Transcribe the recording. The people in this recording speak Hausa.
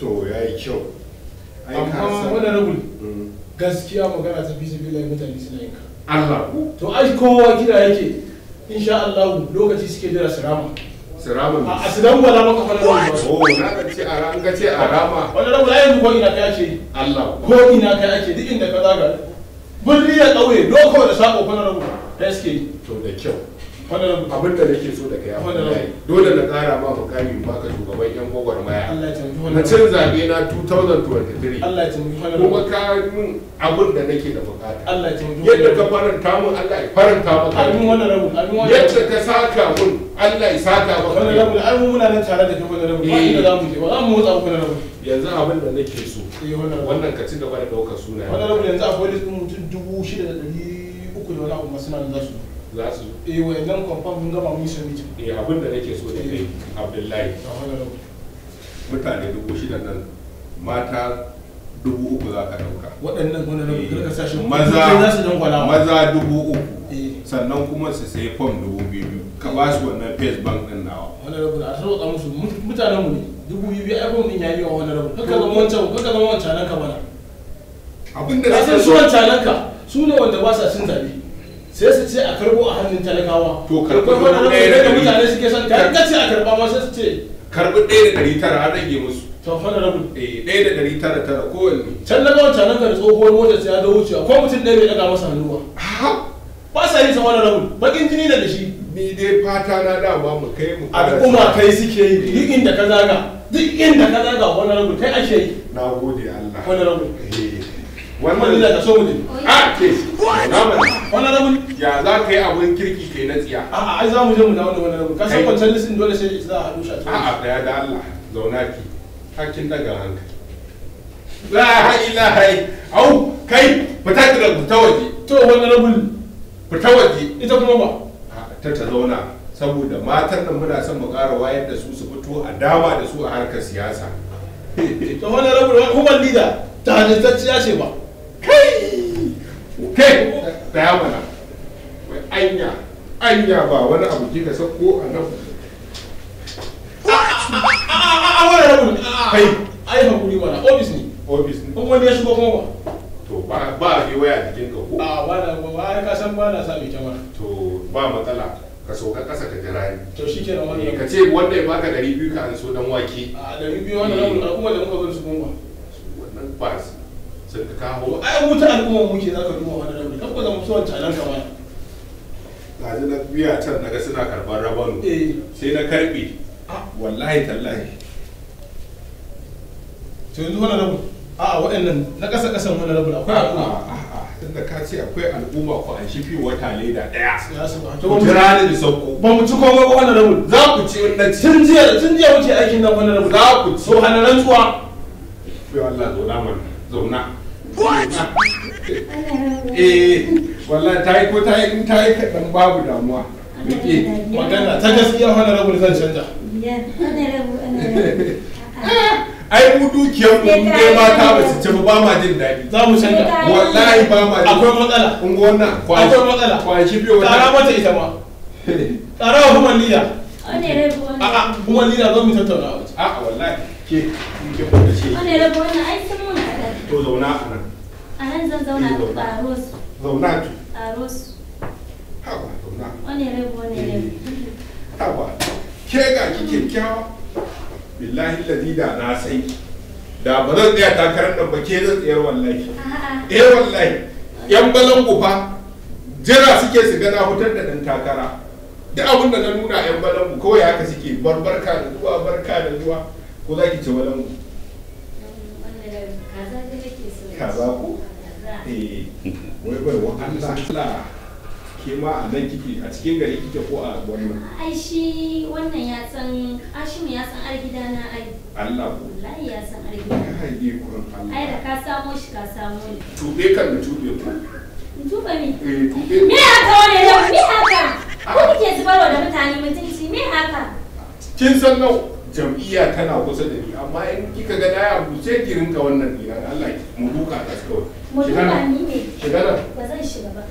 to ya yi kyau amma wani rabul mm. gaskiya magana ta bisa bila mutane suna yin ka Allah to ai kowa gida yake insha Allah lokaci suke jira su rama su rama a asidan wala maka wani rabul oh na ga ce a ran ga ce a rama wani rabul ai ko ina kai ake Allah ko ina kai ake duk inda ka zaga birni ya kauye doko da sako wani rabul da suke to da kyau abin da nake so da kai dole na kara ma mukami ka shugaban yan gwagwarmaya na cin zabe na 2023 kuma ka mun abin da nake da bukata yadda ka faranta mun Allah ya faranta maka yadda ka saka mun Allah ya saka maka wannan rabu ai muna nan tare da kai rabu ba inda zamu je ba zamu motsa ku rabu yanzu abin da nake so eh, wannan ka ci gaba da daukar suna wannan rabu yanzu akwai mutum 6300 da wani abu masu nan za su za su eh wayannan kwamfan mun gama mun su mijin eh abin da nake so da kai eh. abdullahi mutane dubu shida nan mata dubu uku za ka dauka waɗannan wani rabu eh. kirka sashi maza za su dankwala maza dubu uku eh. sannan kuma su sai fom dubu biyu ka ba su wannan face bank din nawa wani rabu a sarauta musu mutanen mu ne dubu biyu biyu ai fom din yayi wa wani rabu kaka zama wancan kaka zama wancan nan ka bana abinda na san su wancan nan ka su ne wanda ba sa sun zabe sai su ce a karbo a hannun talakawa to karbo dubu ɗaya da mutane suke son ka ka ce a karba ma sai su ce karbi ɗaya da ɗari tara an rage musu to fa da rabu eh, ɗaya da ɗari tara tara kowanne can na gawan canan kan tsohuwar motar sai ya da wucewa ko mutum ɗaya bai ɗaga masa hannuwa ba sa yin sama da rabu bakin jini da shi ni dai fata na dama mu kai mu al'umma kai suke yi duk eh. inda ka zaga duk inda ka zaga wani rabu kai ake yi na gode Allah wani rabu eh. wannan da ka so mu ne a ah, ke wannan rabin ya za ka yi abun kirki ke na tsiya a a za mu je mu dawo da wannan rabin ka san wancan listin dole sai za a haɗu shi a a daya da Allah zauna ki hakkin daga hankali la ilaha au kai fita ka daga fita waje to wannan rabin fita waje ita kuma ba ta ta zauna saboda matan nan muna son mu ƙara wayar da su su fito a dama da su a harkar siyasa to wannan ko hukumar lida ta halittacciya ce ba ke daya mana wai anya anya ba wani abu ka sako a nan a wani rabu kai ai hakuri mana ofis ne ofis ne kuma wani ya shigo kuma ba to ba ba a waya jikin ka ko a ba na ba ka san ba na sa mai kyamara to ba matsala ka sauka ƙasa ka jira ni. To shi ke wannan. Eh, ka ce wanda ya baka ɗari biyu ka an so dan wake. A ɗari biyu wannan eh. kuma da muka bar su kuma. Wannan ba su sai ka kawo ai mu ta al'umma muke za ka duba wani rabu kan ku zama suwan canar kama gaji na biya can naga suna karɓar Eh sai na karɓe ah. wallahi tallahi to yanzu wani rabu a waɗannan na ƙasa ƙasan wani rabu akwai al'umma tunda ka ce akwai al'umma ko an shi fi wata leda ɗaya ku jira ni da sauko ba mu ci komai ba wani rabu za ku ci na tun jiya tun jiya wuce aikin nan wani rabu za ku ci so hana rantsuwa bai Allah zauna mana zauna What? Eh, wallahi ta yi ko ta yi ta yi kaɗan babu damuwa. Rike, magana ta gaskiya wani rabu zan canja. Uh, ai mu dukiyar mu mu dai mata ba su ci ba ma jin daɗi. Za mu canja. Wallahi ba ma jin Akwai matsala. Unguwar Akwai matsala. Kwanaki biyu wata. mata ita ma. Tsara wa kuma niyya. Uh, A'a kuma niyya zan mu tattauna a waje. A'a wallahi ke. Ke kuma ce. Wani rabu uh, wannan ai sun to zauna a nan a nan zan zauna eh, a zauna tu a rosu zauna wani wani eh, ke ga ki kyakkyawa billahi ladi da na sai da ba zan tsaya takarar da ba ke zan tsayar wallahi eh wallahi yan balangu fa jira suke su gana hutar da ɗan takara duk abin da na nuna yan balangu kawai haka suke barbarka da zuwa barka da zuwa ko za ki ce balangu kaza ko eh wai bai wa Allah Allah ke ma a nan kike a cikin gari kike ko a wannan ai shi wannan ya san Hashim ya san argida na ai Allah ko wallahi ya san argida kai ne ran Allah ai da ka samo shi ka samo ni tube kan mu tube ku tube ni eh tube me haka wannan yau me haka ah. ku kike zubarwa da mutane mutunci me haka kin san nau jam'iyya tana kusa da ni amma in kika ga na abu sai ki rinka wannan dinan Allah mu duka ta kasuwa shiga shigana ba zan shiga ba